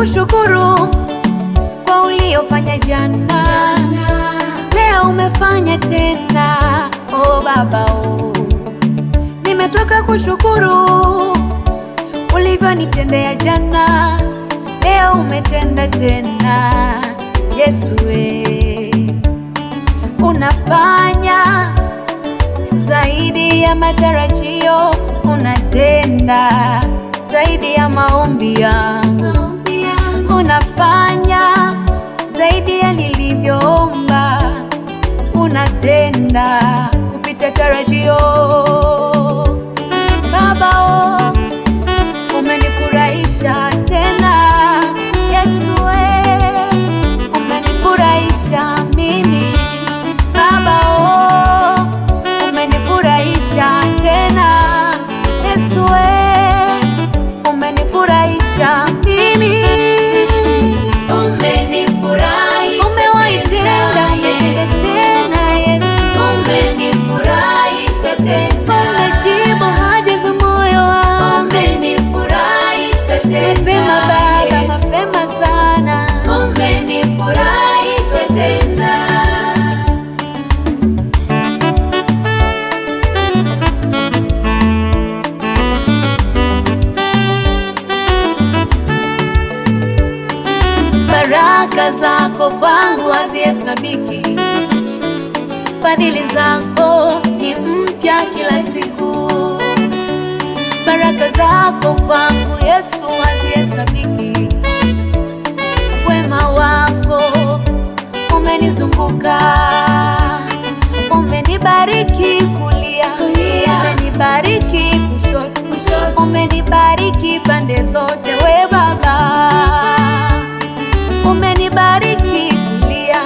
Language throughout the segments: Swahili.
kushukuru kwa uliofanya jana, Leo umefanya tena o Baba o, nimetoka kushukuru ulivyonitendea jana, leo umetenda tena Yesu we, unafanya zaidi ya matarajio, unatenda zaidi ya maombi yangu. kutenda kupita tarajio. tena. Baraka zako kwangu hazihesabiki, fadhili zako ni mpya kila siku. Baraka zako kwangu Yesu umenibariki kulia, umenibariki kushoto, kushoto, umenibariki pande zote, we Baba umenibariki kulia,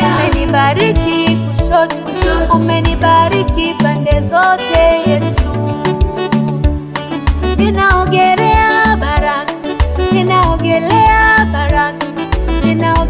umenibariki kushoto, kushoto, umenibariki pande zote, Yesu ninaogelea baraka, ninaogelea baraka, ninao